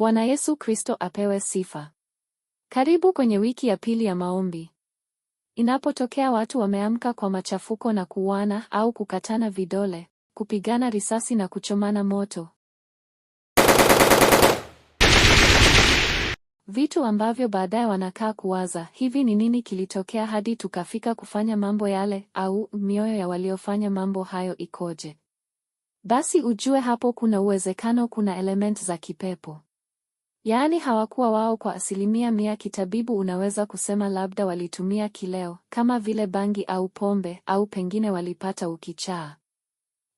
Bwana Yesu Kristo apewe sifa. Karibu kwenye wiki ya pili ya maombi. Inapotokea watu wameamka kwa machafuko na kuuana au kukatana vidole, kupigana risasi na kuchomana moto. Vitu ambavyo baadaye wanakaa kuwaza, hivi ni nini kilitokea hadi tukafika kufanya mambo yale au mioyo ya waliofanya mambo hayo ikoje? Basi ujue hapo kuna uwezekano kuna element za kipepo. Yaani hawakuwa wao kwa asilimia mia. Kitabibu unaweza kusema labda walitumia kileo kama vile bangi au pombe, au pengine walipata ukichaa.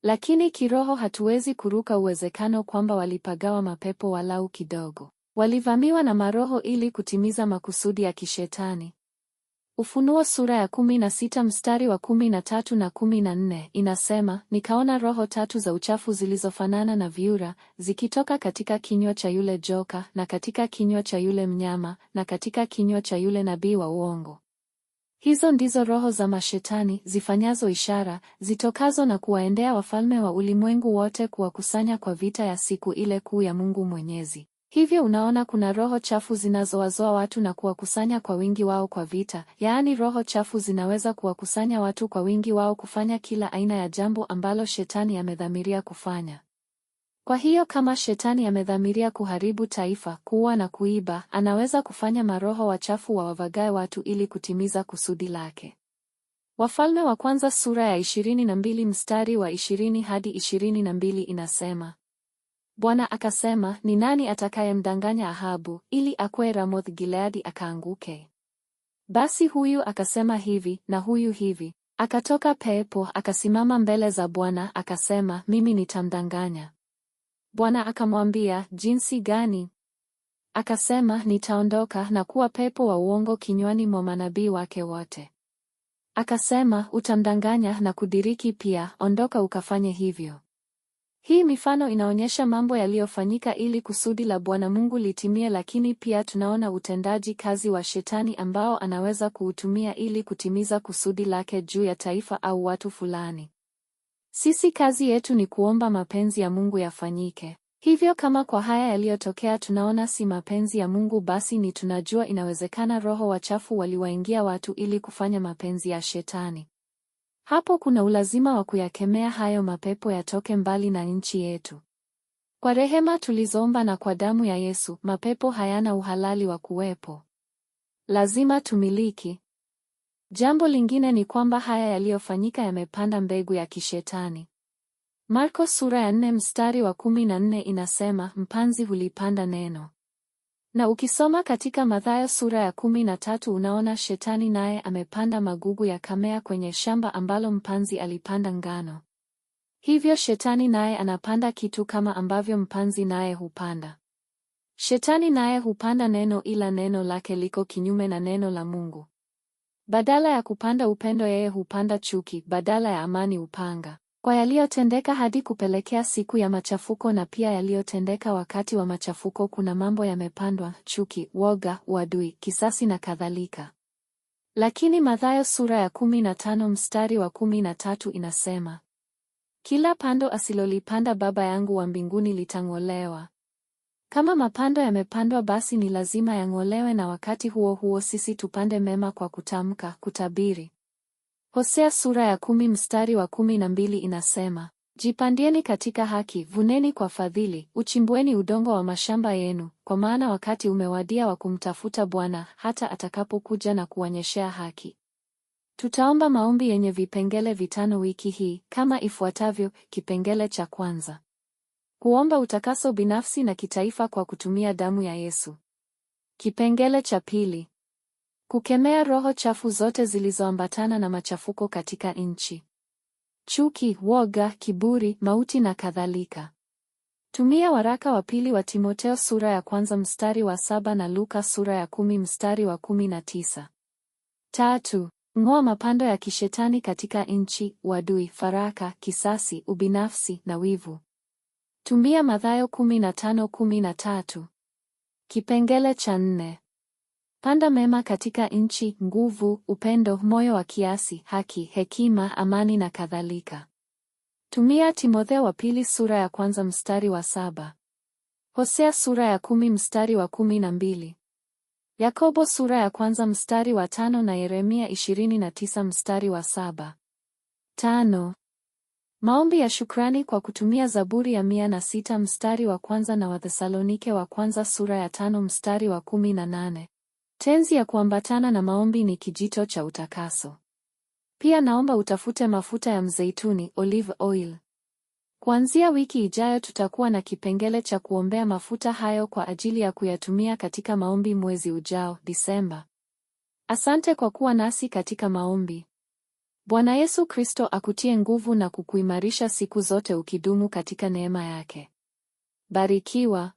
Lakini kiroho hatuwezi kuruka uwezekano kwamba walipagawa mapepo walau kidogo. Walivamiwa na maroho ili kutimiza makusudi ya kishetani. Ufunuo sura ya 16 mstari wa 13 na 14 inasema, nikaona roho tatu za uchafu zilizofanana na viura zikitoka katika kinywa cha yule joka na katika kinywa cha yule mnyama na katika kinywa cha yule nabii wa uongo. Hizo ndizo roho za mashetani zifanyazo ishara, zitokazo na kuwaendea wafalme wa ulimwengu wote kuwakusanya kwa vita ya siku ile kuu ya Mungu Mwenyezi. Hivyo unaona kuna roho chafu zinazowazoa watu na kuwakusanya kwa wingi wao kwa vita, yaani roho chafu zinaweza kuwakusanya watu kwa wingi wao kufanya kila aina ya jambo ambalo shetani amedhamiria kufanya. Kwa hiyo kama shetani amedhamiria kuharibu taifa, kuua na kuiba, anaweza kufanya maroho wachafu wa wavagae watu ili kutimiza kusudi lake. Wafalme wa Kwanza sura ya 22 mstari wa 20 hadi 22 inasema Bwana akasema, ni nani atakayemdanganya Ahabu ili akwe Ramoth Gileadi akaanguke? Basi huyu akasema hivi na huyu hivi. Akatoka pepo akasimama mbele za Bwana akasema, mimi nitamdanganya. Bwana akamwambia, jinsi gani? Akasema, nitaondoka na kuwa pepo wa uongo kinywani mwa manabii wake wote. Akasema, utamdanganya na kudiriki pia, ondoka ukafanye hivyo. Hii mifano inaonyesha mambo yaliyofanyika ili kusudi la Bwana Mungu litimie, lakini pia tunaona utendaji kazi wa Shetani ambao anaweza kuutumia ili kutimiza kusudi lake juu ya taifa au watu fulani. Sisi kazi yetu ni kuomba mapenzi ya Mungu yafanyike. Hivyo kama kwa haya yaliyotokea tunaona si mapenzi ya Mungu, basi ni tunajua inawezekana roho wachafu waliwaingia watu ili kufanya mapenzi ya Shetani. Hapo kuna ulazima wa kuyakemea hayo mapepo yatoke mbali na nchi yetu. Kwa rehema tulizoomba na kwa damu ya Yesu, mapepo hayana uhalali wa kuwepo. Lazima tumiliki. Jambo lingine ni kwamba haya yaliyofanyika yamepanda mbegu ya kishetani. Marko sura ya 4 mstari wa 14 inasema, mpanzi hulipanda neno. Na ukisoma katika Mathayo sura ya kumi na tatu unaona shetani naye amepanda magugu ya kamea kwenye shamba ambalo mpanzi alipanda ngano. Hivyo shetani naye anapanda kitu kama ambavyo mpanzi naye hupanda. Shetani naye hupanda neno, ila neno lake liko kinyume na neno la Mungu. Badala ya kupanda upendo, yeye hupanda chuki; badala ya amani, upanga kwa yaliyotendeka hadi kupelekea siku ya machafuko na pia yaliyotendeka wakati wa machafuko. Kuna mambo yamepandwa: chuki, woga, uadui, kisasi na kadhalika. Lakini Mathayo sura ya 15 mstari wa 13 inasema, kila pando asilolipanda Baba yangu wa mbinguni litang'olewa. Kama mapando yamepandwa, basi ni lazima yang'olewe, na wakati huo huo sisi tupande mema kwa kutamka, kutabiri Hosea sura ya kumi mstari wa kumi na mbili inasema, Jipandieni katika haki, vuneni kwa fadhili, uchimbueni udongo wa mashamba yenu, kwa maana wakati umewadia wa kumtafuta Bwana hata atakapokuja na kuonyeshea haki. Tutaomba maombi yenye vipengele vitano wiki hii kama ifuatavyo. Kipengele cha kwanza: kuomba utakaso binafsi na kitaifa kwa kutumia damu ya Yesu. Kipengele cha pili: kukemea roho chafu zote zilizoambatana na machafuko katika nchi: chuki, woga, kiburi, mauti na kadhalika. Tumia waraka wa pili wa Timoteo sura ya kwanza mstari wa saba na Luka sura ya kumi mstari wa kumi na tisa. Tatu, ng'oa mapando ya kishetani katika nchi, wadui faraka, kisasi, ubinafsi na wivu. Tumia Mathayo kumi na tano kumi na tatu. Kipengele cha nne Panda mema katika nchi, nguvu, upendo, moyo wa kiasi, haki, hekima, amani na kadhalika. Tumia Timotheo wa pili sura ya kwanza mstari wa saba. Hosea sura ya kumi mstari wa kumi na mbili. Yakobo sura ya kwanza mstari wa tano na Yeremia tisa mstari wa saba. Tano. Maombi ya shukrani kwa kutumia Zaburi ya mia na sita mstari wa kwanza na Wathesalonike wa kwanza sura ya tano mstari wa kumi na nane. Tenzi ya kuambatana na maombi ni kijito cha utakaso. Pia naomba utafute mafuta ya mzeituni olive oil. Kuanzia wiki ijayo tutakuwa na kipengele cha kuombea mafuta hayo kwa ajili ya kuyatumia katika maombi mwezi ujao Disemba. Asante kwa kuwa nasi katika maombi. Bwana Yesu Kristo akutie nguvu na kukuimarisha siku zote ukidumu katika neema yake. Barikiwa.